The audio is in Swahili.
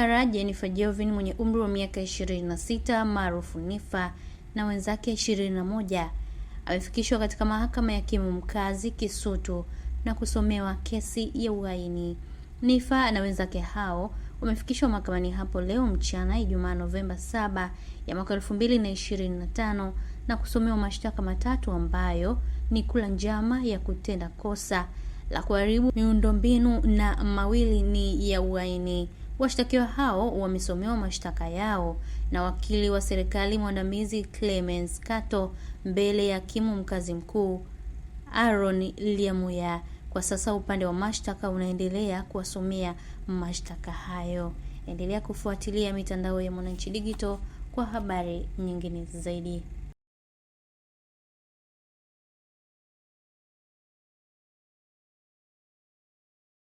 Sarah Jennifer Jovin mwenye umri wa miaka 26 maarufu Niffer na wenzake 21 amefikishwa katika mahakama ya hakimu mkazi Kisutu na kusomewa kesi ya uhaini. Niffer na wenzake hao wamefikishwa mahakamani hapo leo mchana Ijumaa Novemba 7 ya mwaka 2025 na kusomewa mashtaka matatu ambayo ni kula njama ya kutenda kosa la kuharibu miundombinu na mawili ni ya uhaini. Washtakiwa hao wamesomewa mashtaka yao na wakili wa serikali mwandamizi Clemens Kato mbele ya hakimu mkazi mkuu Aaron liamuya Kwa sasa upande wa mashtaka unaendelea kuwasomea mashtaka hayo. Endelea kufuatilia mitandao ya Mwananchi Digital kwa habari nyingine zaidi.